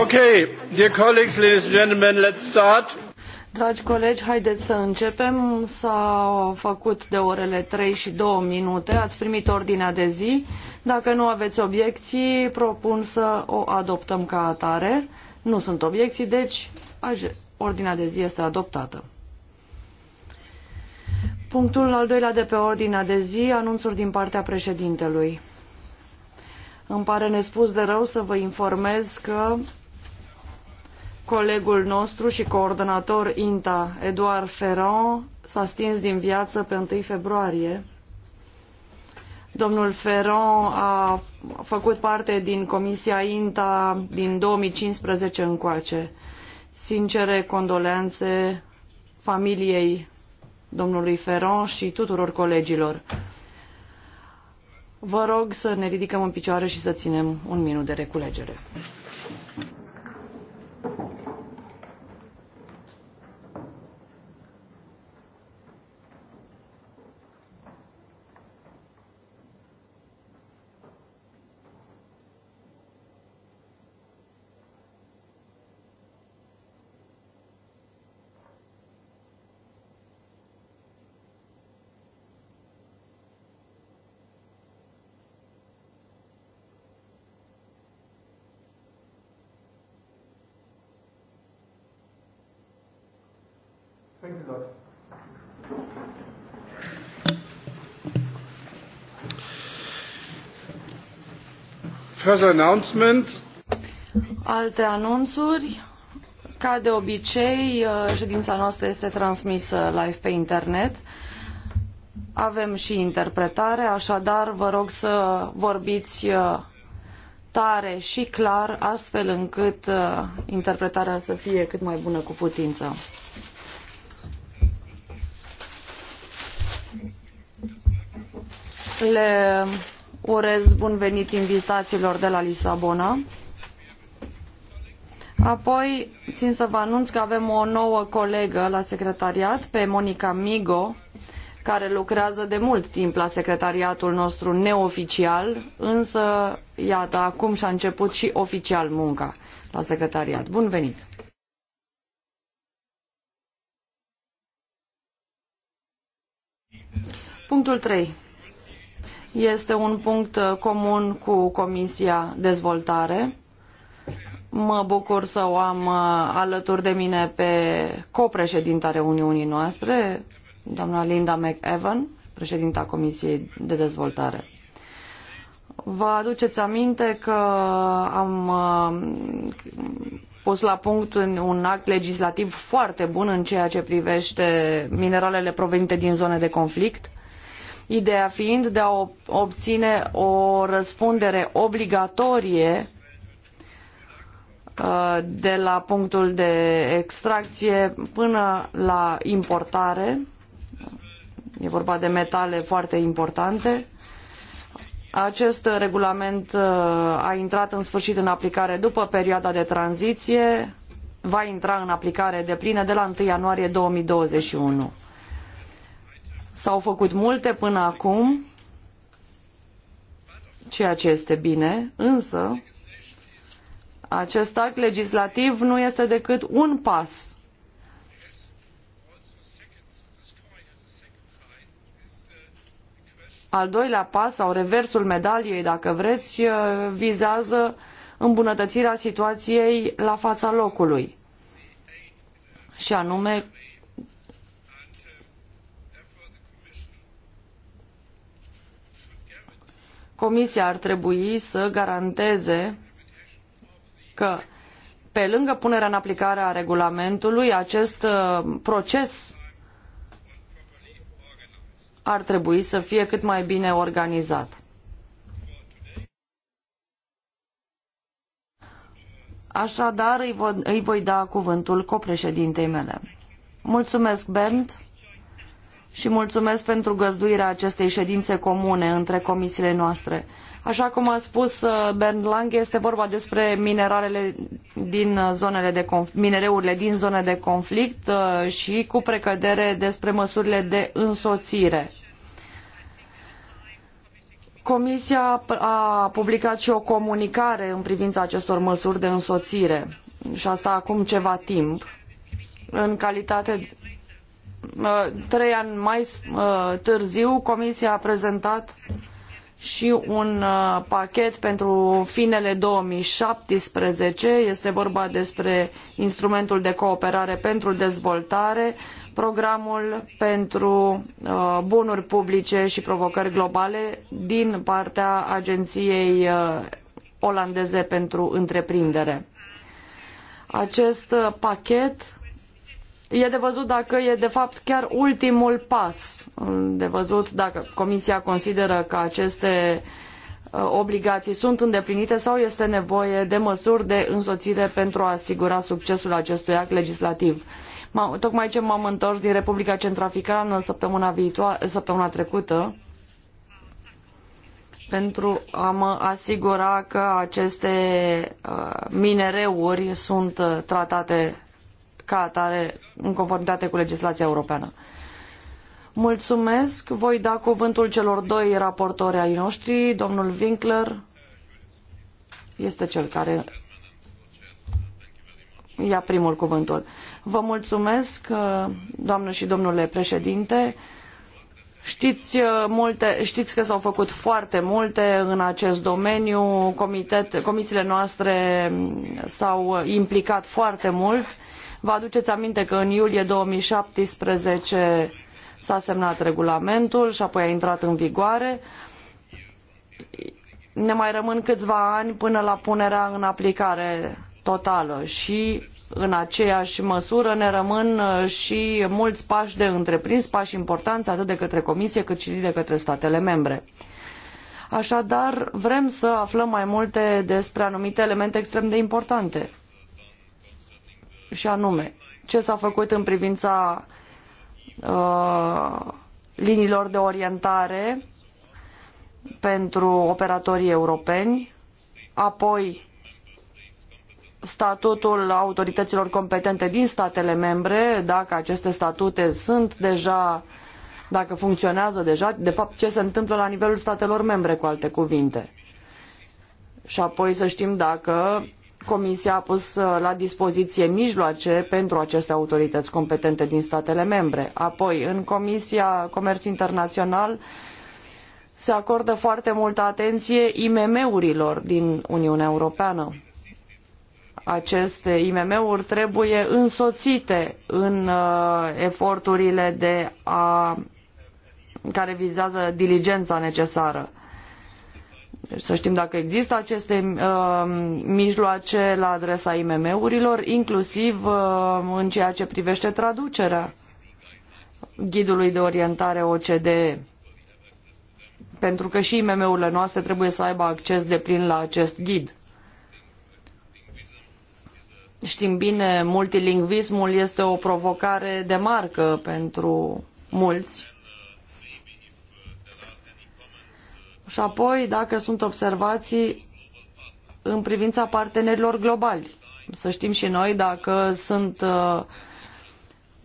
Okay, dear colleagues, ladies and gentlemen, let's start. Dragi colegi, haideți să începem. S-au făcut de orele 3 și 2 minute. Ați primit ordinea de zi. Dacă nu aveți obiecții, propun să o adoptăm ca atare. Nu sunt obiecții, deci ordinea de zi este adoptată. Punctul al doilea de pe ordinea de zi, anunțuri din partea președintelui. Îmi pare nespus de rău să vă informez că colegul nostru și coordonator INTA, Eduard Ferrand, s-a stins din viață pe 1 februarie. Domnul Ferrand a făcut parte din Comisia INTA din 2015 încoace. Sincere condoleanțe familiei domnului Ferrand și tuturor colegilor. Vă rog să ne ridicăm în picioare și să ținem un minut de reculegere. announcement. Alte anunțuri. Ca de obicei, uh, ședința noastră este transmisă live pe internet. Avem și interpretare, așadar vă rog să vorbiți uh, tare și clar, astfel încât uh, interpretarea să fie cât mai bună cu putință. Le urez bun venit invitațiilor de la Lisabona. Apoi, țin să vă anunț că avem o nouă colegă la secretariat, pe Monica Migo, care lucrează de mult timp la secretariatul nostru neoficial, însă, iată, acum și-a început și oficial munca la secretariat. Bun venit! Punctul 3. Este un punct uh, comun cu Comisia Dezvoltare. Mă bucur să o am uh, alături de mine pe copreședinta reuniunii noastre, doamna Linda McEvan, președinta Comisiei de Dezvoltare. Vă aduceți aminte că am uh, pus la punct un act legislativ foarte bun în ceea ce privește mineralele provenite din zone de conflict ideea fiind de a obține o răspundere obligatorie uh, de la punctul de extracție până la importare. E vorba de metale foarte importante. Acest regulament uh, a intrat în sfârșit în aplicare după perioada de tranziție, va intra în aplicare deplină de la 1 ianuarie 2021. S-au făcut multe până acum, ceea ce este bine, însă acest act legislativ nu este decât un pas. Al doilea pas sau reversul medaliei, dacă vreți, vizează îmbunătățirea situației la fața locului și anume Comisia ar trebui să garanteze că pe lângă punerea în aplicare a regulamentului, acest uh, proces ar trebui să fie cât mai bine organizat. Așadar, îi voi, voi da cuvântul copreședintei mele. Mulțumesc, Bernd și mulțumesc pentru găzduirea acestei ședințe comune între comisiile noastre. Așa cum a spus uh, Bernd Lange, este vorba despre mineralele din uh, zonele de conflict, minereurile din zone de conflict uh, și cu precădere despre măsurile de însoțire. Comisia a publicat și o comunicare în privința acestor măsuri de însoțire și asta acum ceva timp. În calitate Uh, trei ani mai uh, târziu, Comisia a prezentat și un uh, pachet pentru finele 2017. Este vorba despre instrumentul de cooperare pentru dezvoltare, programul pentru bunuri publice și provocări globale din partea Agenției olandeze pentru întreprindere. Acest pachet E de văzut dacă e de fapt chiar ultimul pas. De văzut dacă Comisia consideră că aceste uh, obligații sunt îndeplinite sau este nevoie de măsuri de însoțire pentru a asigura succesul acestui act legislativ. Tocmai ce m-am întors din Republica Centrafricană săptămâna, viitoare, săptămâna trecută pentru a mă asigura că aceste uh, minereuri sunt uh, tratate ca atare în conformitate cu legislația europeană. Mulțumesc. Voi da cuvântul celor doi raportori ai noștri. Domnul Winkler este cel care ia primul cuvântul. Vă mulțumesc, doamnă și domnule președinte. Știți, uh, multe, știți că s-au făcut foarte multe în acest domeniu, Comitet, comisiile noastre s-au implicat foarte mult. Uh, Vă aduceți aminte că în iulie 2017 s-a semnat regulamentul și apoi a intrat în vigoare. Ne mai rămân câțiva ani până la punerea în aplicare totală și în aceeași măsură ne rămân uh, și mulți pași de întreprins, pași importanți atât de către Comisie cât și de către statele membre. Așadar, vrem să aflăm mai multe despre anumite elemente extrem de importante și anume ce s-a făcut în privința uh, liniilor de orientare pentru operatorii europeni, apoi statutul autorităților competente din statele membre, dacă aceste statute sunt deja, dacă funcționează deja, de fapt ce se întâmplă la nivelul statelor membre, cu alte cuvinte. Și apoi să știm dacă Comisia a pus uh, la dispoziție mijloace pentru aceste autorități competente din statele membre. Apoi, în Comisia Comerț Internațional se acordă foarte multă atenție IMM-urilor din Uniunea Europeană. Aceste IMM-uri trebuie însoțite în uh, eforturile de a, care vizează diligența necesară deci să știm dacă există aceste uh, mijloace la adresa IMM-urilor, inclusiv uh, în ceea ce privește traducerea ghidului de orientare OCDE. Pentru că și IMM-urile noastre trebuie să aibă acces deplin la acest ghid. Știm bine, multilingvismul este o provocare de marcă pentru mulți și apoi dacă sunt observații în privința partenerilor globali. Să știm și noi dacă sunt uh,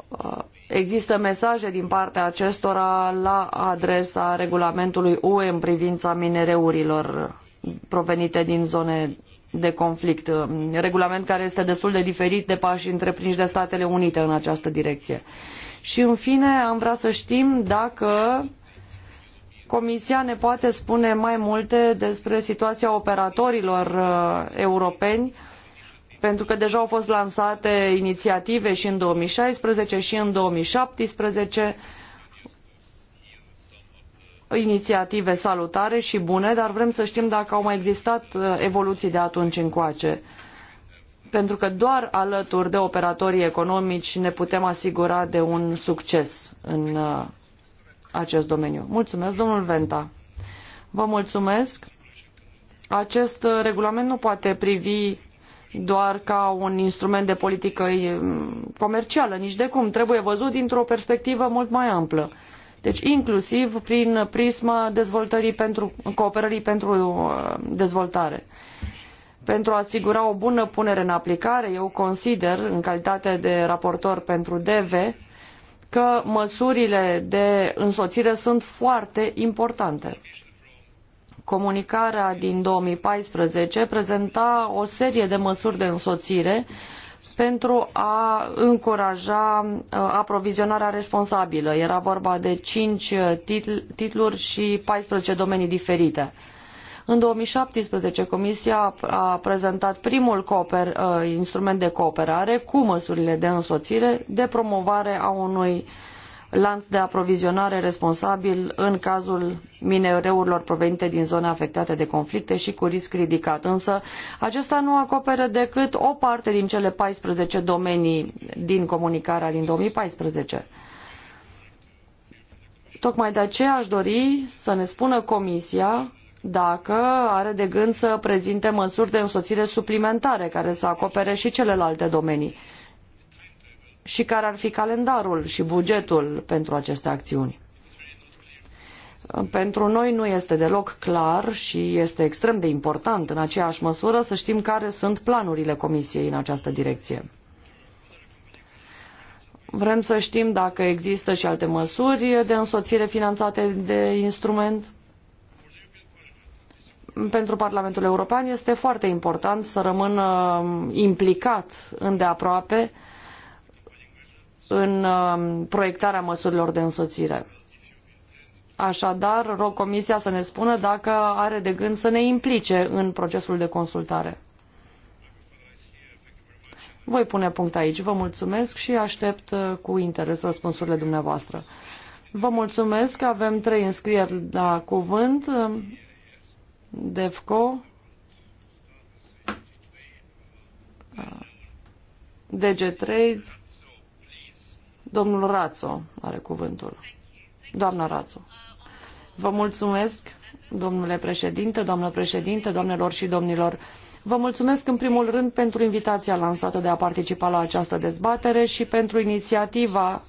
uh, există mesaje din partea acestora la adresa regulamentului UE în privința minereurilor provenite din zone de conflict, regulament care este destul de diferit de pașii întreprinși de Statele Unite în această direcție. Și în fine, am vrea să știm dacă Comisia ne poate spune mai multe despre situația operatorilor uh, europeni, pentru că deja au fost lansate inițiative și în 2016 și în 2017, inițiative salutare și bune, dar vrem să știm dacă au mai existat uh, evoluții de atunci încoace. Pentru că doar alături de operatorii economici ne putem asigura de un succes în uh, acest domeniu. Mulțumesc, domnul Venta. Vă mulțumesc. Acest uh, regulament nu poate privi doar ca un instrument de politică comercială, nici de cum. Trebuie văzut dintr-o perspectivă mult mai amplă. Deci inclusiv prin prisma dezvoltării pentru, cooperării pentru uh, dezvoltare. Pentru a asigura o bună punere în aplicare, eu consider, în calitate de raportor pentru DV, că măsurile de însoțire sunt foarte importante. Comunicarea din 2014 prezenta o serie de măsuri de însoțire pentru a încuraja uh, aprovizionarea responsabilă. Era vorba de cinci uh, titluri și 14 domenii diferite. În 2017, Comisia a prezentat primul cooper, uh, instrument de cooperare cu măsurile de însoțire, de promovare a unui lanț de aprovizionare responsabil în cazul minereurilor provenite din zone afectate de conflicte și cu risc ridicat. Însă acesta nu acoperă decât o parte din cele 14 domenii din comunicarea din 2014. Tocmai de aceea aș dori să ne spună Comisia dacă are de gând să prezinte măsuri de însoțire suplimentare care să acopere și celelalte domenii și care ar fi calendarul și bugetul pentru aceste acțiuni. Pentru noi nu este deloc clar și este extrem de important în aceeași măsură să știm care sunt planurile Comisiei în această direcție. Vrem să știm dacă există și alte măsuri de însoțire finanțate de instrument pentru Parlamentul European este foarte important să rămână um, implicat îndeaproape în um, proiectarea măsurilor de însoțire. Așadar, rog Comisia să ne spună dacă are de gând să ne implice în procesul de consultare. Voi pune punct aici. Vă mulțumesc și aștept uh, cu interes răspunsurile dumneavoastră. Vă mulțumesc. Avem trei înscrieri la cuvânt. Devco, uh, DG Trade, domnul Rațo are cuvântul. Doamna Rațo. Vă mulțumesc, domnule președinte, doamnă președinte, doamnelor și domnilor. Vă mulțumesc în primul rând pentru invitația lansată de a participa la această dezbatere și pentru inițiativa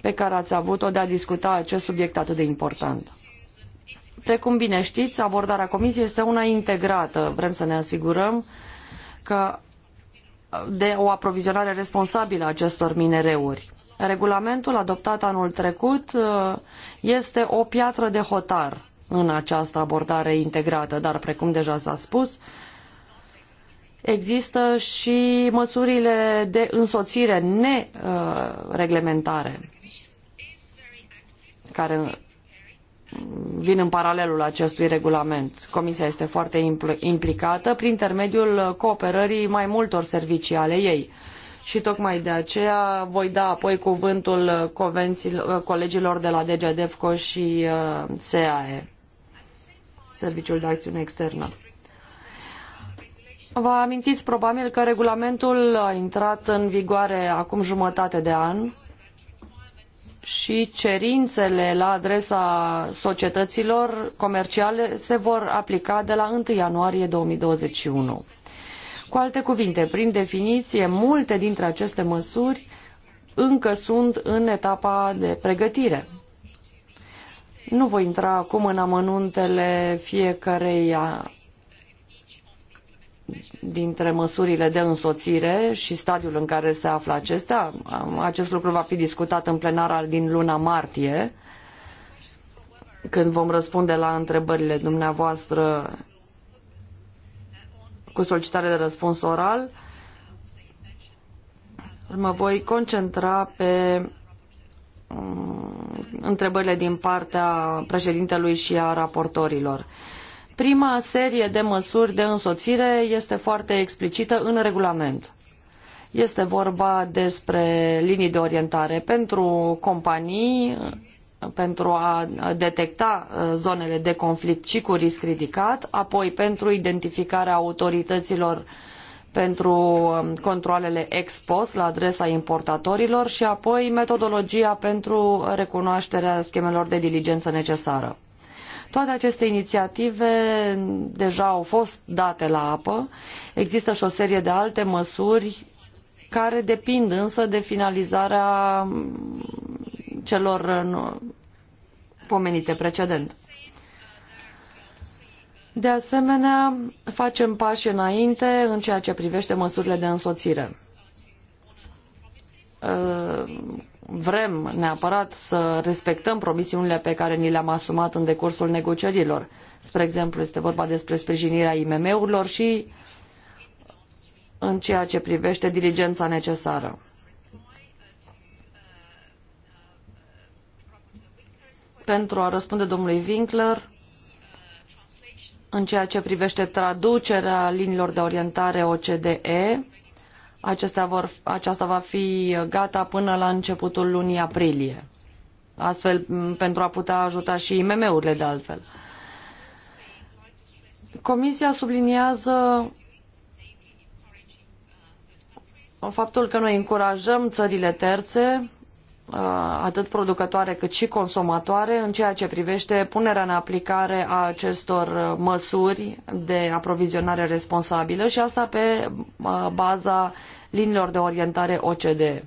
pe care ați avut-o de a discuta acest subiect atât de important. Precum bine știți, abordarea Comisiei este una integrată. Vrem să ne asigurăm că de o aprovizionare responsabilă a acestor minereuri. Regulamentul adoptat anul trecut uh, este o piatră de hotar în această abordare integrată, dar precum deja s-a spus, există și măsurile de însoțire nereglementare care vin în paralelul acestui regulament. Comisia este foarte implicată prin intermediul cooperării mai multor servicii ale ei. Și tocmai de aceea voi da apoi cuvântul colegilor de la DG și uh, SEAE, Serviciul de Acțiune Externă. Vă amintiți probabil că regulamentul a intrat în vigoare acum jumătate de an și cerințele la adresa societăților comerciale se vor aplica de la 1 ianuarie 2021. Cu alte cuvinte, prin definiție, multe dintre aceste măsuri încă sunt în etapa de pregătire. Nu voi intra acum în amănuntele fiecăreia dintre măsurile de însoțire și stadiul în care se află acestea. Acest lucru va fi discutat în plenara din luna martie, când vom răspunde la întrebările dumneavoastră cu solicitare de răspuns oral. Mă voi concentra pe mm, întrebările din partea președintelui și a raportorilor. Prima serie de măsuri de însoțire este foarte explicită în regulament. Este vorba despre linii de orientare pentru companii, pentru a detecta uh, zonele de conflict și cu risc ridicat, apoi pentru identificarea autorităților pentru um, controalele ex post la adresa importatorilor și apoi metodologia pentru recunoașterea schemelor de diligență necesară. Toate aceste inițiative deja au fost date la apă. Există și o serie de alte măsuri care depind însă de finalizarea celor pomenite precedent. De asemenea, facem pași înainte în ceea ce privește măsurile de însoțire vrem neapărat să respectăm promisiunile pe care ni le-am asumat în decursul negocierilor. Spre exemplu, este vorba despre sprijinirea IMM-urilor și în ceea ce privește diligența necesară. Pentru a răspunde domnului Winkler, în ceea ce privește traducerea liniilor de orientare OCDE, Acestea vor, aceasta va fi gata până la începutul lunii aprilie. Astfel, pentru a putea ajuta și IMM-urile de altfel. Comisia subliniază faptul că noi încurajăm țările terțe Uh, atât producătoare cât și consumatoare în ceea ce privește punerea în aplicare a acestor uh, măsuri de aprovizionare responsabilă și asta pe uh, baza liniilor de orientare OCDE.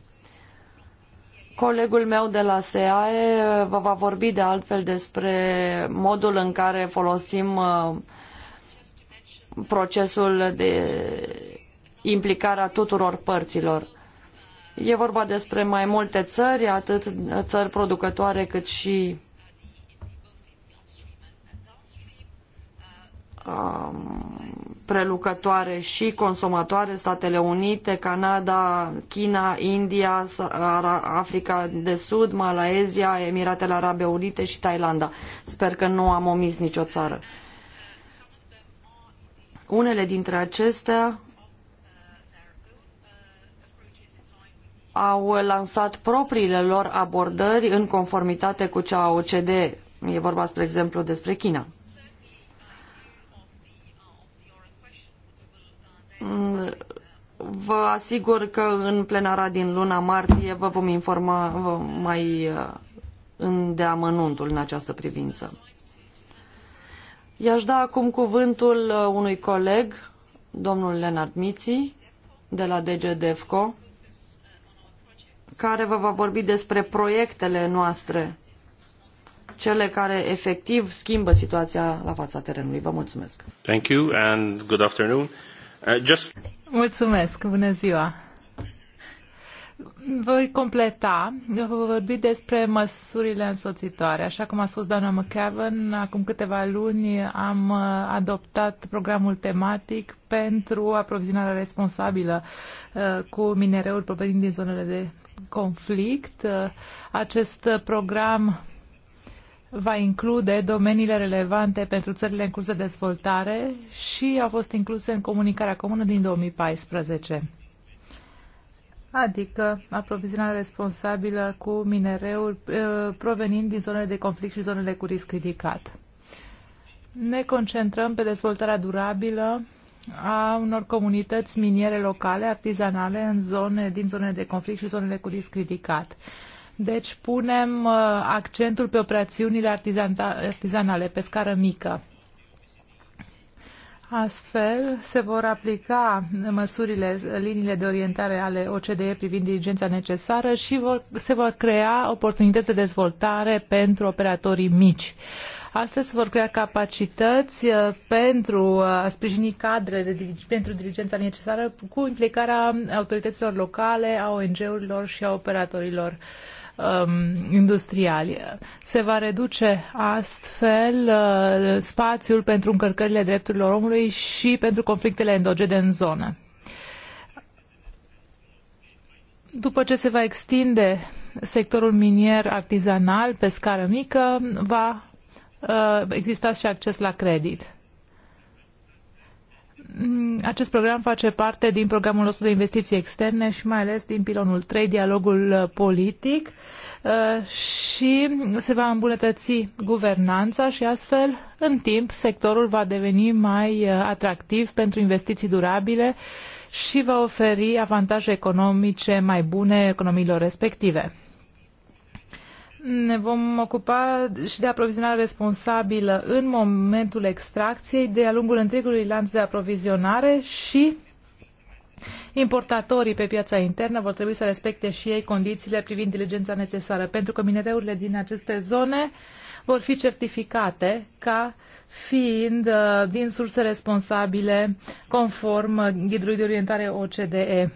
Colegul meu de la SEAE vă va vorbi de altfel despre modul în care folosim procesul de implicare a tuturor părților. E vorba despre mai multe țări, atât țări producătoare cât și um, prelucătoare și consumatoare, Statele Unite, Canada, China, India, Africa de Sud, Malaezia, Emiratele Arabe Unite și Thailanda. Sper că nu am omis nicio țară. Unele dintre acestea au lansat propriile lor abordări în conformitate cu cea a OCDE. E vorba, spre exemplu, despre China. Vă asigur că în plenara din luna martie vă vom informa mai uh, îndeamănuntul în această privință. I-aș da acum cuvântul uh, unui coleg, domnul Leonard Miții, de la DG DEFCO, care vă va vorbi despre proiectele noastre, cele care efectiv schimbă situația la fața terenului. Vă mulțumesc. Thank you and good afternoon. Uh, just... Mulțumesc, bună ziua. Voi completa, voi vorbi despre măsurile însoțitoare. Așa cum a spus doamna McCavan, acum câteva luni am uh, adoptat programul tematic pentru aprovizionarea responsabilă uh, cu minereuri provenind din zonele de conflict. Acest program va include domeniile relevante pentru țările în curs de dezvoltare și au fost incluse în comunicarea comună din 2014 adică aprovizionarea responsabilă cu minereul eh, provenind din zonele de conflict și zonele cu risc ridicat. Ne concentrăm pe dezvoltarea durabilă a unor comunități miniere locale, artizanale, în zone, din zonele de conflict și zonele cu risc ridicat. Deci punem uh, accentul pe operațiunile artizanale pe scară mică. Astfel, se vor aplica măsurile, liniile de orientare ale OCDE privind diligența necesară și vor, se vor crea oportunități de dezvoltare pentru operatorii mici. Uh, Astăzi se vor crea capacități uh, pentru uh, a sprijini cadrele de, pentru diligența necesară cu implicarea autorităților locale, a ONG-urilor și a operatorilor um, industriali. Se va reduce astfel uh, spațiul pentru încărcările drepturilor omului și pentru conflictele endogene în zonă. După ce se va extinde sectorul minier artizanal pe scară mică, va Uh, exista și acces la credit. Mm, acest program face parte din programul nostru de investiții externe și mai ales din pilonul 3, dialogul uh, politic uh, și se va îmbunătăți guvernanța și astfel, în timp, sectorul va deveni mai atractiv pentru investiții durabile și va oferi avantaje economice mai bune economiilor respective. Ne vom ocupa și de aprovizionare responsabilă în momentul extracției, de-a lungul întregului lanț de aprovizionare și importatorii pe piața internă vor trebui să respecte și ei condițiile privind diligența necesară, pentru că minereurile din aceste zone vor fi certificate ca fiind uh, din surse responsabile conform ghidului de orientare OCDE.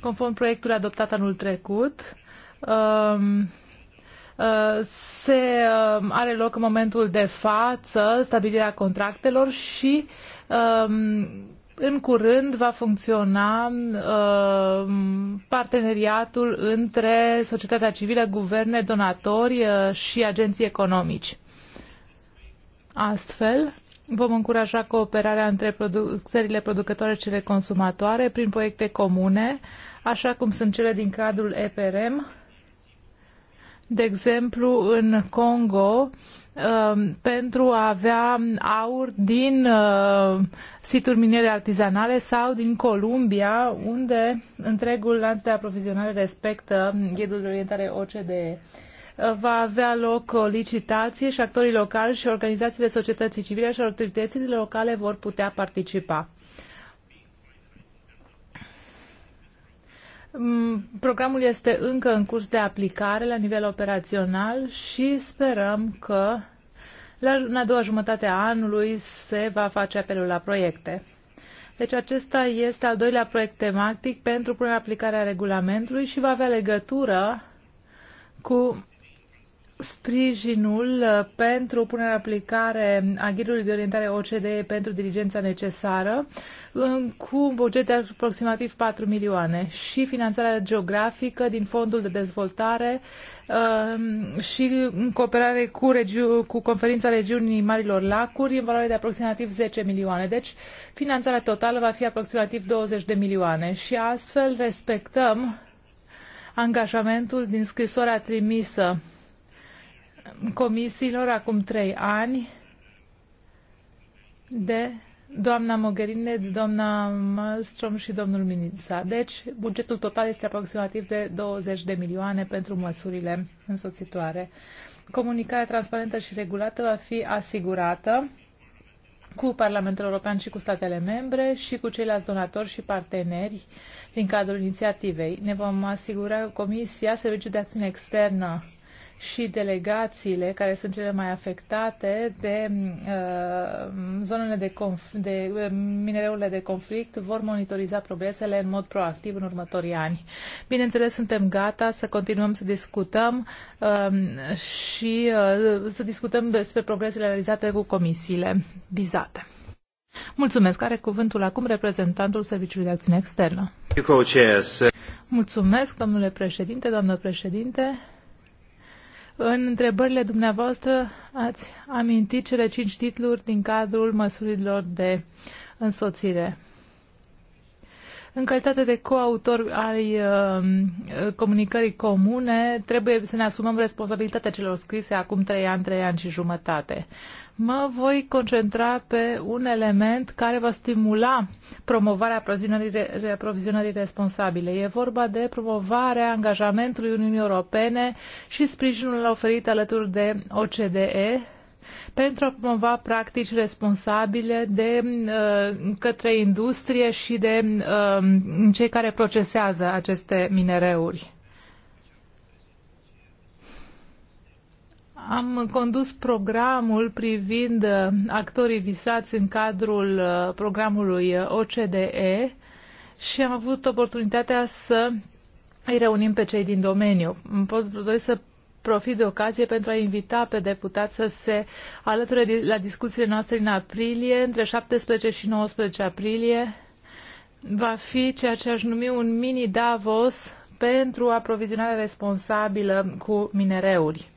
Conform proiectului adoptat anul trecut, Um, uh, se um, are loc în momentul de față stabilirea contractelor și um, în curând va funcționa parteneriatul între societatea civilă, guverne, donatori uh, și agenții economici. Astfel, vom încuraja cooperarea între produ- țările producătoare și cele consumatoare prin proiecte comune, așa cum sunt cele din cadrul EPRM, de exemplu, în Congo, um, pentru a avea aur din uh, situri miniere artizanale sau din Columbia, unde întregul lanț de aprovizionare respectă ghidul de orientare OCDE. Uh, va avea loc o licitație și actorii locali și organizațiile societății civile și autoritățile locale vor putea participa. Mm, programul este încă în curs de aplicare la nivel operațional și sperăm că la, în a doua jumătate a anului se va face apelul la proiecte. Deci acesta este al doilea proiect tematic pentru punerea aplicarea regulamentului și va avea legătură cu sprijinul uh, pentru punerea în aplicare a ghidului de orientare OCDE pentru diligența necesară cu un buget de aproximativ 4 milioane și finanțarea geografică din fondul de dezvoltare um, și în cooperare cu, regiu- cu conferința regiunii Marilor Lacuri în valoare de aproximativ 10 milioane. Deci finanțarea totală va fi aproximativ 20 de milioane și astfel respectăm angajamentul din scrisoarea trimisă comisiilor acum trei ani de doamna Mogherine, de doamna Malmström și domnul Minița. Deci, bugetul total este aproximativ de 20 de milioane pentru măsurile însoțitoare. Comunicarea transparentă și regulată va fi asigurată cu Parlamentul European și cu statele membre și cu ceilalți donatori și parteneri din cadrul inițiativei. Ne vom asigura că Comisia, Serviciul de Acțiune Externă și delegațiile care sunt cele mai afectate de uh, zonele de, conf- de uh, minereurile de conflict vor monitoriza progresele în mod proactiv în următorii ani. Bineînțeles, suntem gata să continuăm să discutăm uh, și uh, să discutăm despre progresele realizate cu comisiile vizate. Mulțumesc. Are cuvântul acum reprezentantul Serviciului de Acțiune Externă. Mulțumesc, domnule președinte, doamnă președinte. În întrebările dumneavoastră ați amintit cele cinci titluri din cadrul măsurilor de însoțire. În calitate de coautor ai uh, comunicării comune, trebuie să ne asumăm responsabilitatea celor scrise acum trei ani, trei ani și jumătate. Mă voi concentra pe un element care va stimula promovarea aprovizionării responsabile. E vorba de promovarea angajamentului Uniunii Europene și sprijinul oferit alături de OCDE pentru a promova practici responsabile de uh, către industrie și de uh, cei care procesează aceste minereuri. Am condus programul privind uh, actorii visați în cadrul programului OCDE și am avut oportunitatea să îi reunim pe cei din domeniu. Pot doresc să profit de ocazie pentru a invita pe deputat să se alăture la discuțiile noastre în aprilie, între 17 și 19 aprilie. Va fi ceea ce aș numi un mini Davos pentru aprovizionarea responsabilă cu minereuri.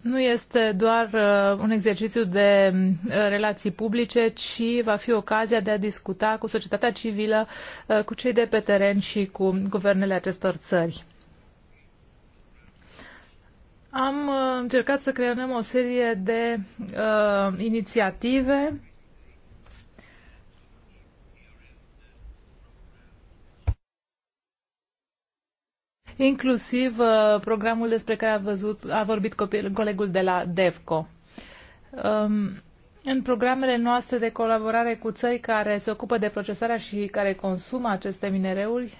Nu este doar uh, un exercițiu de uh, relații publice, ci va fi ocazia de a discuta cu societatea civilă, uh, cu cei de pe teren și cu guvernele acestor țări. Am uh, încercat să creăm o serie de uh, inițiative inclusiv uh, programul despre care a, văzut, a vorbit copil, colegul de la DEVCO. Um, în programele noastre de colaborare cu țări care se ocupă de procesarea și care consumă aceste minereuri,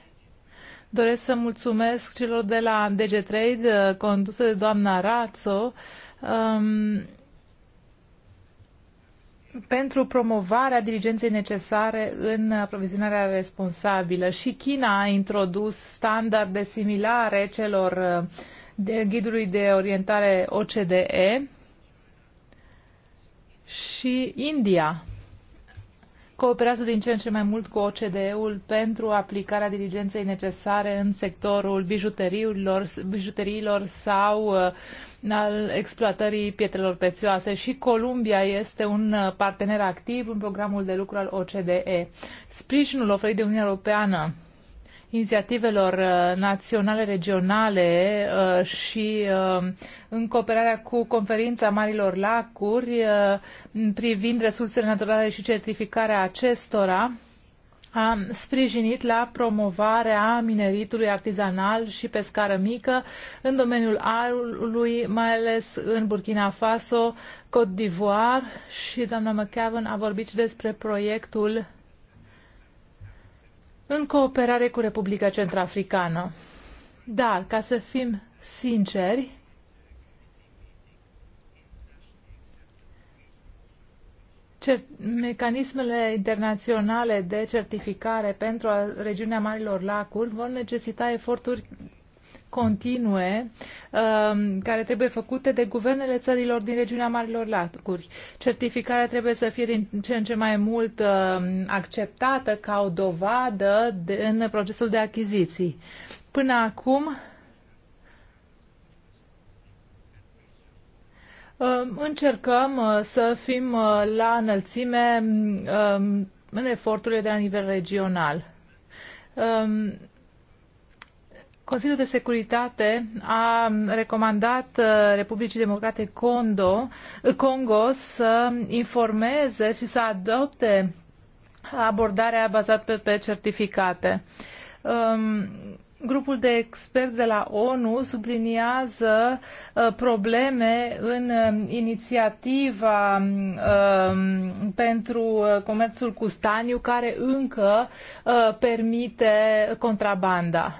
Doresc să mulțumesc celor de la DG Trade, uh, condusă de doamna Rațo, um, pentru promovarea diligenței necesare în aprovizionarea responsabilă. Și China a introdus standarde similare celor uh, de ghidului de orientare OCDE și India cooperează din ce în ce mai mult cu OCDE-ul pentru aplicarea diligenței necesare în sectorul bijuteriilor, bijuteriilor sau uh, al exploatării pietrelor prețioase și Columbia este un uh, partener activ în programul de lucru al OCDE. Sprijinul oferit de Uniunea Europeană inițiativelor uh, naționale, regionale uh, și uh, în cooperarea cu conferința Marilor Lacuri privind resursele naturale și certificarea acestora, a sprijinit la promovarea mineritului artizanal și pe scară mică în domeniul aerului, mai ales în Burkina Faso, Côte d'Ivoire și doamna McCavan a vorbit și despre proiectul în cooperare cu Republica Centrafricană. Dar, ca să fim sinceri, mecanismele internaționale de certificare pentru regiunea Marilor Lacuri vor necesita eforturi continue um, care trebuie făcute de guvernele țărilor din regiunea Marilor Lacuri. Certificarea trebuie să fie din ce în ce mai mult um, acceptată ca o dovadă de, în procesul de achiziții. Până acum, um, Încercăm uh, să fim uh, la înălțime în eforturile de la nivel regional. Consiliul de Securitate a recomandat uh, Republicii Democrate Condo, uh, Congo să informeze și să adopte abordarea bazată pe, pe certificate. Um, Grupul de experți de la ONU subliniază uh, probleme în uh, inițiativa um, uh, pentru comerțul cu staniu care încă uh, permite contrabanda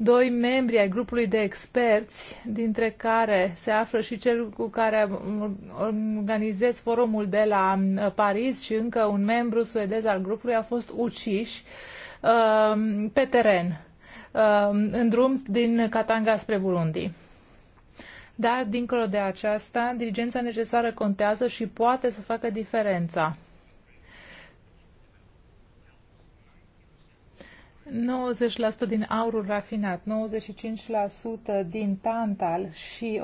doi membri ai grupului de experți, dintre care se află și cel cu care organizez forumul de la uh, Paris și încă un membru suedez al grupului a fost uciși um, pe teren, um, în drum din Katanga spre Burundi. Dar, dincolo de aceasta, diligența necesară contează și poate să facă diferența. 90% din aurul rafinat, 95% din tantal și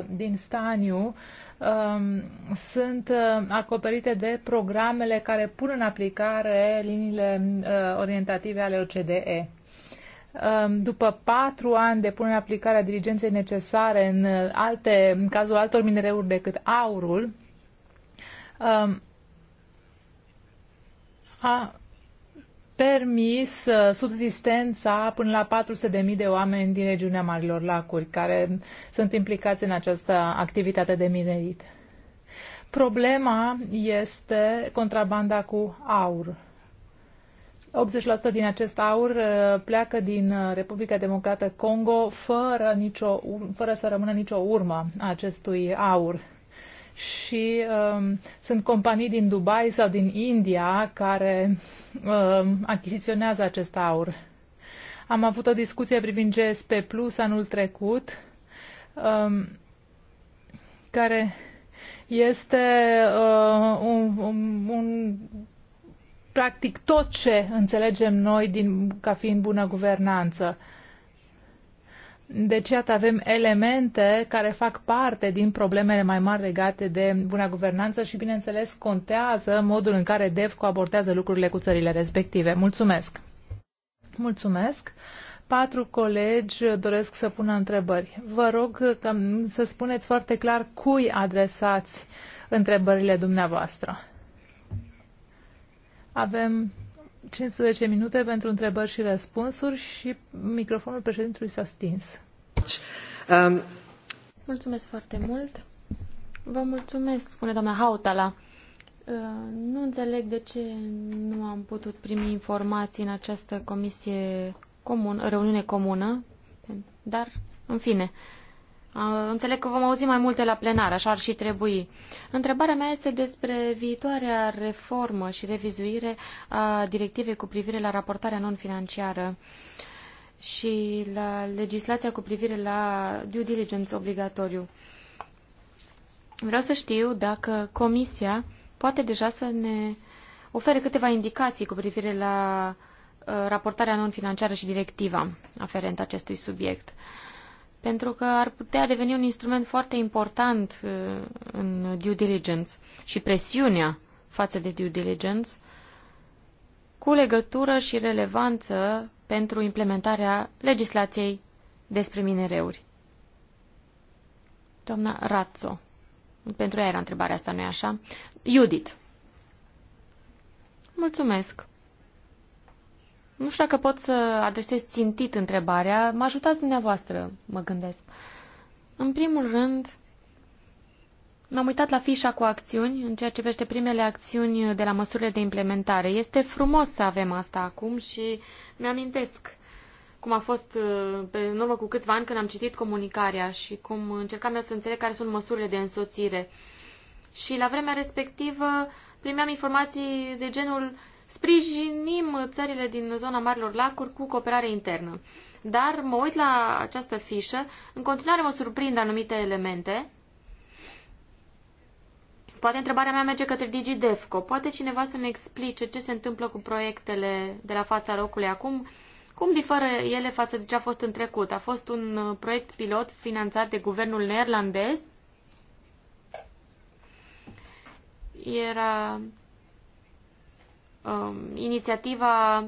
85% din staniu um, sunt uh, acoperite de programele care pun în aplicare liniile uh, orientative ale OCDE. Um, după patru ani de punere în aplicare a diligenței necesare în, uh, alte, în cazul altor minereuri decât aurul, um, a permis uh, subsistența până la 400.000 de oameni din regiunea Marilor Lacuri care sunt implicați în această activitate de minerit. Problema este contrabanda cu aur. 80% din acest aur uh, pleacă din uh, Republica Democrată Congo fără, nicio, fără să rămână nicio urmă a acestui aur și um, sunt companii din Dubai sau din India care um, achiziționează acest aur. Am avut o discuție privind GSP Plus anul trecut, um, care este uh, un, un, un practic tot ce înțelegem noi din, ca fiind bună guvernanță. Uh, deci, iată, avem elemente care fac parte din problemele mai mari legate de buna guvernanță și, bineînțeles, contează modul în care DEFCO abordează lucrurile cu țările respective. Mulțumesc! Mulțumesc! Patru colegi doresc să pună întrebări. Vă rog că, să spuneți foarte clar cui adresați întrebările dumneavoastră. Avem 15 minute pentru întrebări și răspunsuri și microfonul președintului s-a stins. Um... Mulțumesc foarte mult. Vă mulțumesc, spune doamna Hautala. Uh, nu înțeleg de ce nu am putut primi informații în această comisie comună, reuniune comună, dar, în fine, Înțeleg că vom auzi mai multe la plenar, așa ar și trebui. Întrebarea mea este despre viitoarea reformă și revizuire a directivei cu privire la raportarea non-financiară și la legislația cu privire la due diligence obligatoriu. Vreau să știu dacă Comisia poate deja să ne ofere câteva indicații cu privire la uh, raportarea non-financiară și directiva aferent acestui subiect. Uh, pentru că ar putea deveni un instrument foarte important uh, în due diligence și presiunea față de due diligence cu legătură și relevanță pentru implementarea legislației despre minereuri. Doamna Razzo, pentru ea era întrebarea asta, nu-i așa? Judith. Mulțumesc. Nu știu dacă pot să adresez țintit întrebarea. Mă ajutați dumneavoastră, mă gândesc. În primul rând, m-am uitat la fișa cu acțiuni în ceea ce vește primele acțiuni de la măsurile de implementare. Este frumos să avem asta acum și mi-amintesc cum a fost uh, pe, în urmă cu câțiva ani când am citit comunicarea și cum încercam eu să înțeleg care sunt măsurile de însoțire. Și la vremea respectivă primeam informații de genul Sprijinim țările din zona Marilor Lacuri cu cooperare internă. Dar mă uit la această fișă, în continuare mă surprind anumite elemente. Poate întrebarea mea merge către DigiDefco. Poate cineva să-mi explice ce se întâmplă cu proiectele de la fața locului acum, cum diferă ele față de ce a fost în trecut? A fost un proiect pilot finanțat de guvernul neerlandez. Era um, inițiativa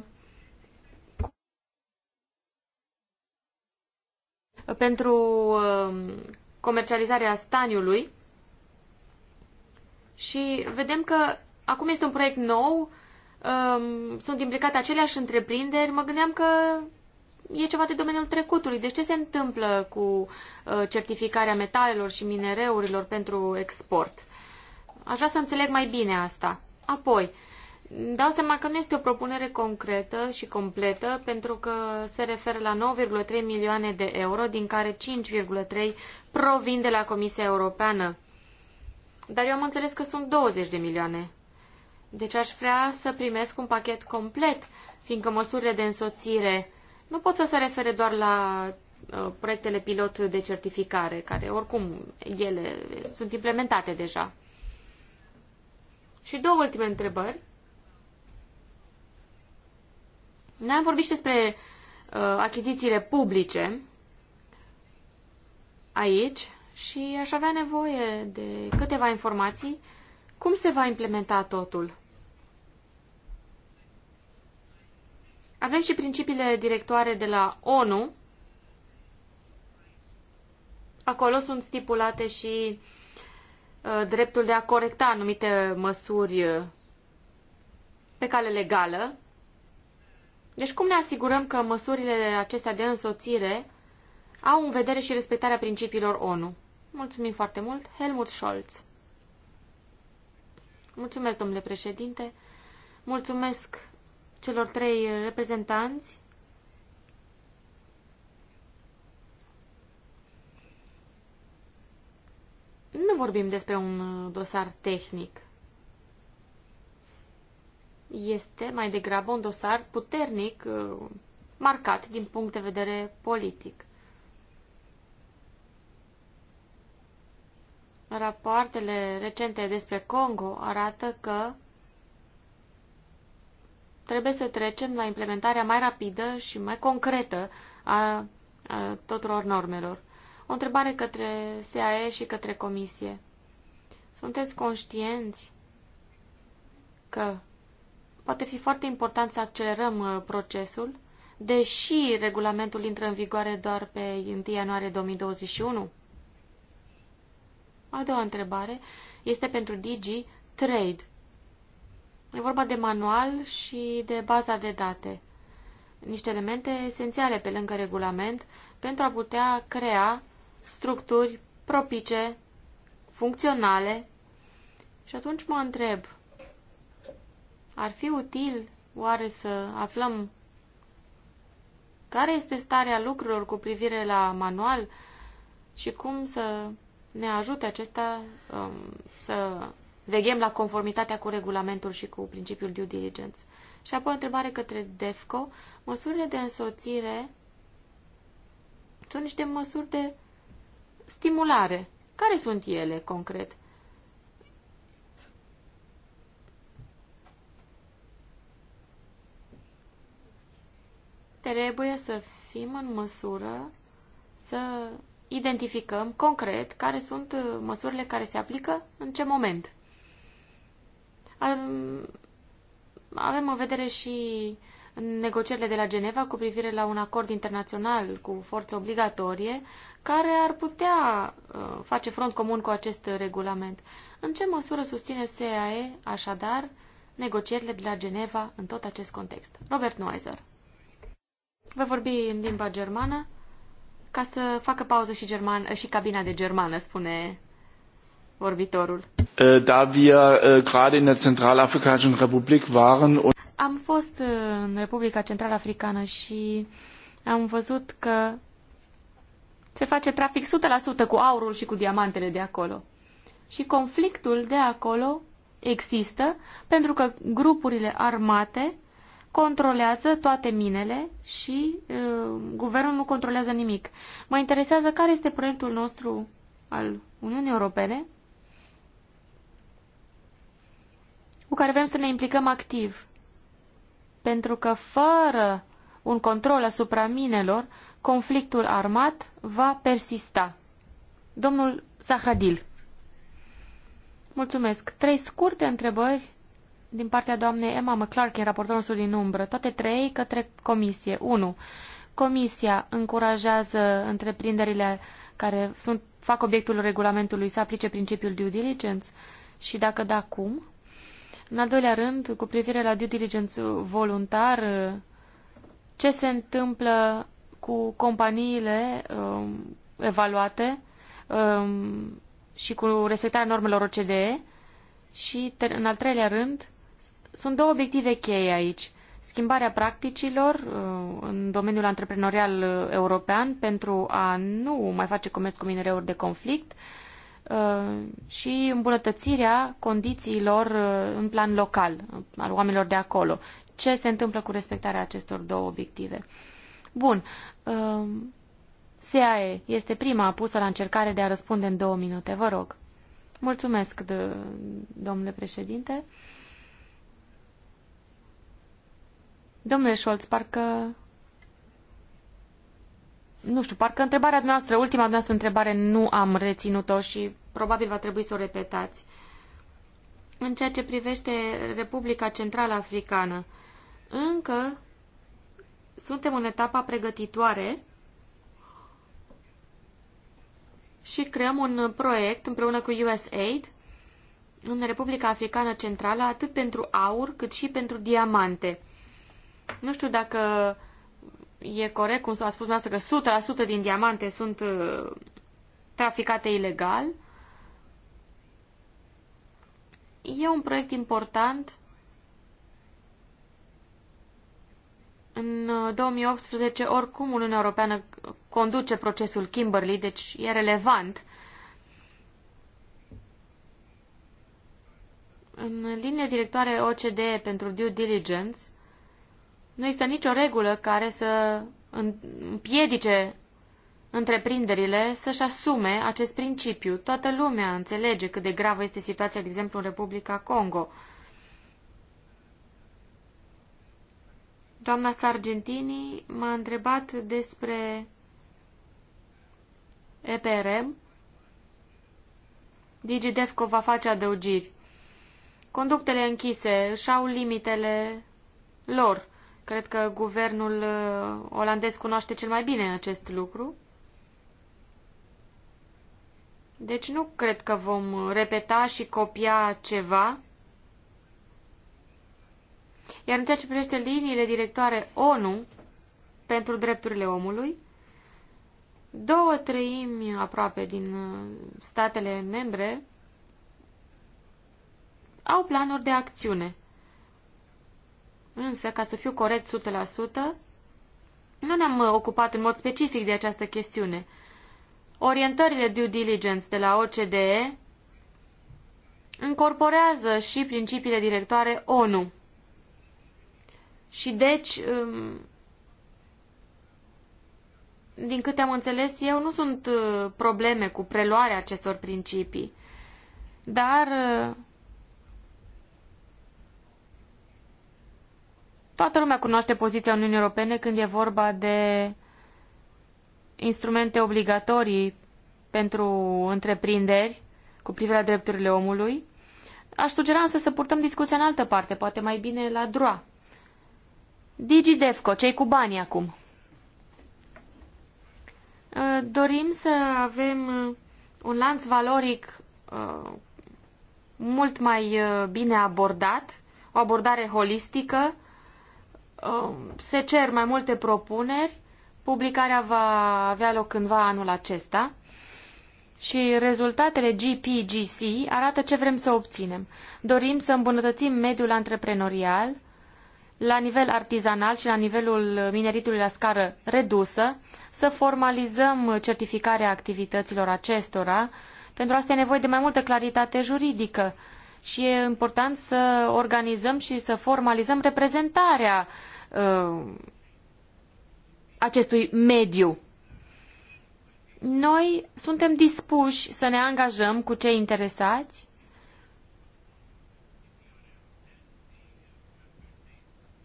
pentru um, comercializarea staniului și vedem că acum este un proiect nou, um, sunt implicate aceleași întreprinderi, mă gândeam că e ceva de domeniul trecutului. Deci ce se întâmplă cu uh, certificarea metalelor și minereurilor pentru export? Aș vrea să înțeleg mai bine asta. Apoi, uh, dau seama că nu este o propunere concretă și completă, pentru că se referă la 9,3 milioane de euro, din care 5,3 provin de la Comisia Europeană. Dar eu am înțeles că sunt 20 de milioane. Deci aș vrea să primesc un pachet complet, fiindcă măsurile de însoțire nu pot să se refere doar la uh, proiectele pilot de certificare, care oricum ele sunt implementate deja. Și două ultime întrebări. Ne-am vorbit și despre uh, achizițiile publice aici și aș avea nevoie de câteva informații. Cum se va implementa totul? Avem și principiile directoare de la ONU. Acolo sunt stipulate și uh, dreptul de a corecta anumite măsuri uh, pe cale legală deci cum ne asigurăm că măsurile acestea de însoțire au în vedere și respectarea principiilor ONU? Mulțumim foarte mult, Helmut Scholz. Mulțumesc, domnule președinte. Mulțumesc celor trei reprezentanți. Nu vorbim despre un dosar tehnic este mai degrabă un dosar puternic uh, marcat din punct de vedere politic. Rapoartele recente despre Congo arată că trebuie să trecem la implementarea mai rapidă și mai concretă a, a tuturor normelor. O întrebare către SAE și către Comisie. Sunteți conștienți că poate fi foarte important să accelerăm uh, procesul, deși regulamentul intră în vigoare doar pe 1 ianuarie 2021? A doua întrebare este pentru Digi Trade. E vorba de manual și de baza de date. Niște elemente esențiale pe lângă regulament pentru a putea crea structuri propice, funcționale. Și atunci mă întreb, ar fi util oare să aflăm care este starea lucrurilor cu privire la manual și cum să ne ajute acesta um, să veghem la conformitatea cu regulamentul și cu principiul due diligence. Și apoi o întrebare către DEFCO. Măsurile de însoțire sunt niște măsuri de stimulare. Care sunt ele, concret? trebuie să fim în măsură să identificăm concret care sunt uh, măsurile care se aplică în ce moment. Avem în vedere și negocierile de la Geneva cu privire la un acord internațional cu forță obligatorie care ar putea uh, face front comun cu acest regulament. În ce măsură susține SAE, așadar, negocierile de la Geneva în tot acest context? Robert Noizer. Vă vorbi în limba germană ca să facă pauză și, german, și cabina de germană, spune vorbitorul. Äh, da wir äh, gerade in der Zentralafrikanischen Republik waren und am fost äh, în Republica Central Africană și am văzut că se face trafic 100% cu aurul și cu diamantele de acolo. Și conflictul de acolo există pentru că grupurile armate controlează toate minele și uh, guvernul nu controlează nimic. Mă interesează care este proiectul nostru al Uniunii Europene cu care vrem să ne implicăm activ. Pentru că fără un control asupra minelor, conflictul armat va persista. Domnul Zahradil. Mulțumesc. Trei scurte întrebări din partea doamnei Emma McClarkin, raportorul nostru din umbră, toate trei către comisie. 1. Comisia încurajează întreprinderile care sunt, fac obiectul regulamentului să aplice principiul due diligence și dacă da, cum? În al doilea rând, cu privire la due diligence voluntar, ce se întâmplă cu companiile um, evaluate um, și cu respectarea normelor OCDE? Și, în al treilea rând, sunt două obiective cheie aici. Schimbarea practicilor uh, în domeniul antreprenorial uh, european pentru a nu mai face comerț cu minereuri de conflict uh, și îmbunătățirea condițiilor în plan local al oamenilor de acolo. Ce se întâmplă cu respectarea acestor două obiective? Bun. SEAE este prima pusă la încercare de a răspunde în două minute. Vă rog. Mulțumesc, domnule președinte. Domnule Scholz, parcă... Nu știu, parcă întrebarea noastră, ultima noastră întrebare nu am reținut-o și probabil va trebui să o repetați. În ceea ce privește Republica Centrală Africană, încă suntem în etapa pregătitoare și creăm un proiect împreună cu USAID în Republica Africană Centrală, atât pentru aur cât și pentru diamante. Nu știu dacă e corect, cum s-a spus noastră, că 100% din diamante sunt uh, traficate ilegal. E un proiect important. În 2018, uh, oricum, Uniunea Europeană conduce procesul Kimberley, deci e relevant. În linia directoare OCDE pentru due diligence, nu există nicio regulă care să împiedice întreprinderile să-și asume acest principiu. Toată lumea înțelege cât de gravă este situația, de exemplu, în Republica Congo. Doamna Sargentini m-a întrebat despre EPRM. DigiDefco va face adăugiri. Conductele închise își au limitele lor. Cred că guvernul uh, olandez cunoaște cel mai bine acest lucru. Deci nu cred că vom repeta și copia ceva. Iar în ceea ce privește liniile directoare ONU pentru drepturile omului, două treimi aproape din uh, statele membre au planuri de acțiune. Însă, ca să fiu corect 100%, nu ne-am ocupat în mod specific de această chestiune. Orientările due diligence de la OCDE încorporează și principiile directoare ONU. Și deci, um, din câte am înțeles eu, nu sunt uh, probleme cu preluarea acestor principii. Dar uh, Toată lumea cunoaște poziția Uniunii Europene când e vorba de instrumente obligatorii pentru întreprinderi cu privire la drepturile omului. Aș sugera însă să purtăm discuția în altă parte, poate mai bine la DROA. DigiDefco, cei cu bani acum. Uh, dorim să avem uh, un lanț valoric uh, mult mai bine abordat, o abordare holistică Um, se cer mai multe propuneri, publicarea va avea loc cândva anul acesta și rezultatele GPGC arată ce vrem să obținem. Dorim să îmbunătățim mediul antreprenorial la nivel artizanal și la nivelul mineritului la scară redusă, să formalizăm certificarea activităților acestora. Pentru asta e nevoie de mai multă claritate juridică și e important să organizăm și să formalizăm reprezentarea uh, acestui mediu. Noi suntem dispuși să ne angajăm cu cei interesați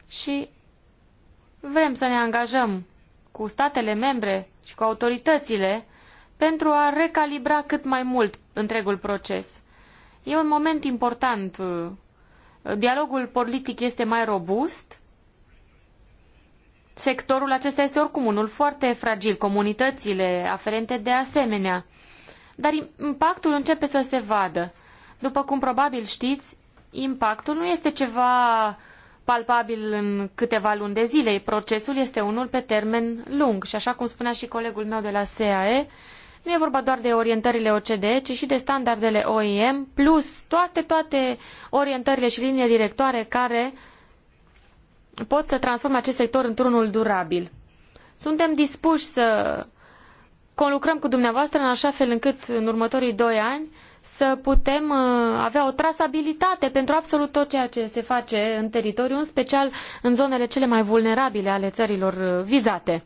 și vrem să ne angajăm cu statele membre și cu autoritățile pentru a recalibra cât mai mult întregul proces. E un moment important. Dialogul politic este mai robust. Sectorul acesta este oricum unul foarte fragil, comunitățile aferente de asemenea. Dar impactul începe să se vadă. După cum probabil știți, impactul nu este ceva palpabil în câteva luni de zile. Procesul este unul pe termen lung și așa cum spunea și colegul meu de la SAE, nu e vorba doar de orientările OCDE, ci și de standardele OIM, plus toate, toate orientările și liniile directoare care pot să transforme acest sector într-unul durabil. Suntem dispuși să conlucrăm cu dumneavoastră în așa fel încât în următorii doi ani să putem uh, avea o trasabilitate pentru absolut tot ceea ce se face în teritoriu, în special în zonele cele mai vulnerabile ale țărilor uh, vizate.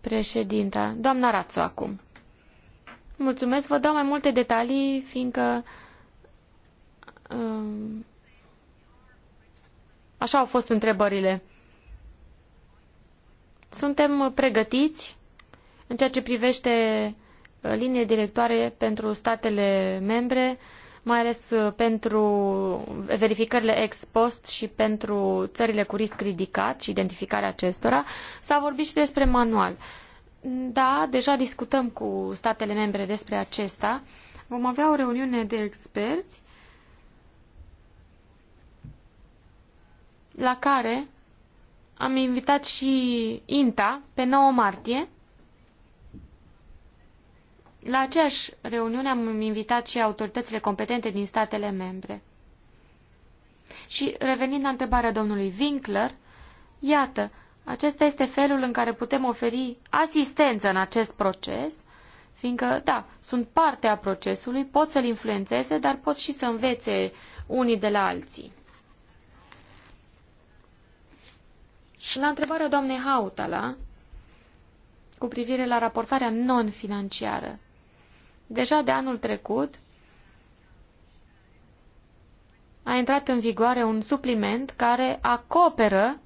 Președinta, doamna Rațu acum. Mulțumesc, vă dau mai multe detalii, fiindcă um, așa au fost întrebările. Suntem pregătiți în ceea ce privește uh, linie directoare pentru statele membre, uh, mai ales uh, pentru verificările ex post și pentru țările cu risc ridicat și identificarea acestora. S-a vorbit și despre manual. Da, deja discutăm cu statele membre despre acesta. Vom avea o reuniune de experți la care am invitat și INTA pe 9 martie la aceeași reuniune am invitat și autoritățile competente din statele membre. Și revenind la întrebarea domnului Winkler, iată, acesta este felul în care putem oferi asistență în acest proces, fiindcă, da, sunt parte a procesului, pot să-l influențeze, dar pot și să învețe unii de la alții. Și la întrebarea doamnei Hautala, cu privire la raportarea non-financiară. Deja de anul trecut a intrat în vigoare un supliment care acoperă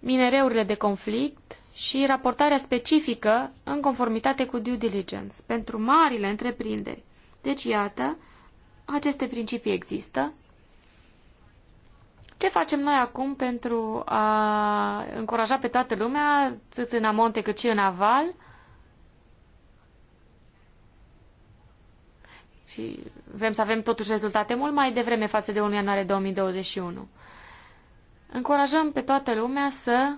minereurile de conflict și raportarea specifică în conformitate cu due diligence pentru marile întreprinderi. Deci, iată, aceste principii există. Ce facem noi acum pentru a încuraja pe toată lumea, atât în amonte cât și în aval, și vrem să avem totuși rezultate mult mai devreme față de 1 ianuarie 2021. Încurajăm pe toată lumea să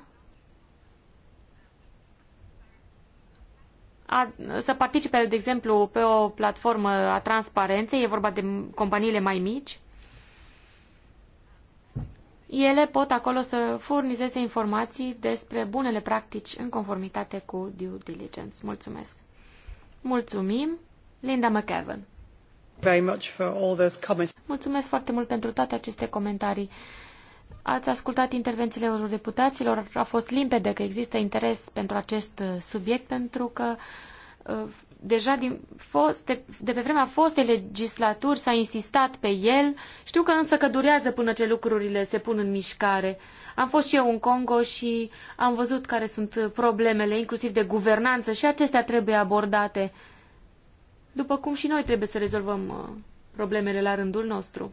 A, să participe, de exemplu, pe o platformă a transparenței, e vorba de companiile mai mici, ele pot acolo să furnizeze informații despre bunele practici în conformitate cu due diligence. Mulțumesc! Mulțumim, Linda McEvan very much for all those comments. Mulțumesc foarte mult pentru toate aceste comentarii. Ați ascultat intervențiile eurodeputaților, a fost limpede că există interes pentru acest uh, subiect, pentru că uh, deja din foste, de pe vremea fostei legislaturi s-a insistat pe el. Știu că însă că durează până ce lucrurile se pun în mișcare. Am fost și eu în Congo și am văzut care sunt problemele, inclusiv de guvernanță, și acestea trebuie abordate după cum și noi trebuie să rezolvăm uh, problemele la rândul nostru.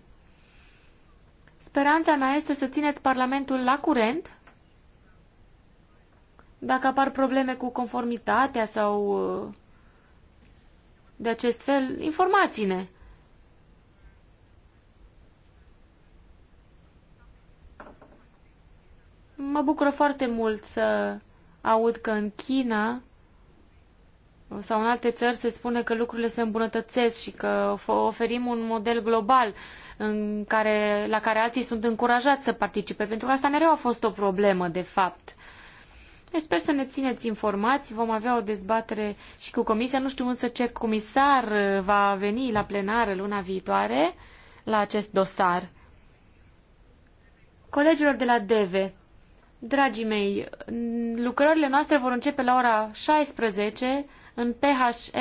Speranța mea este să țineți Parlamentul la curent dacă apar probleme cu conformitatea sau uh, de acest fel, informați-ne. Mă bucură foarte mult să aud că în China sau în alte țări se spune că lucrurile se îmbunătățesc și că oferim un model global în care, la care alții sunt încurajați să participe, pentru că asta mereu a fost o problemă, de fapt. Deci sper să ne țineți informați, vom avea o dezbatere și cu comisia, nu știu însă ce comisar va veni la plenară luna viitoare la acest dosar. Colegilor de la DEVE, dragii mei, lucrările noastre vor începe la ora 16, în PHS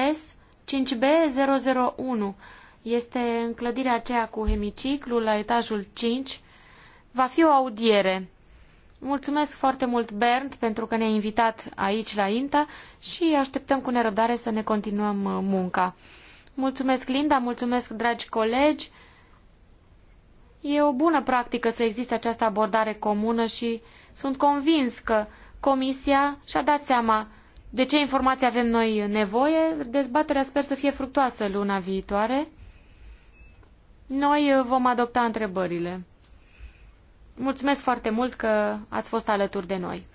5B001. Este în clădirea aceea cu hemiciclu la etajul 5. Va fi o audiere. Mulțumesc foarte mult, Bernd, pentru că ne-ai invitat aici la INTA și așteptăm cu nerăbdare să ne continuăm uh, munca. Mulțumesc, Linda, mulțumesc, dragi colegi. E o bună practică să existe această abordare comună și sunt convins că Comisia și-a dat seama de ce informații avem noi nevoie. Dezbaterea sper să fie fructoasă luna viitoare. Noi vom adopta întrebările. Mulțumesc foarte mult că ați fost alături de noi.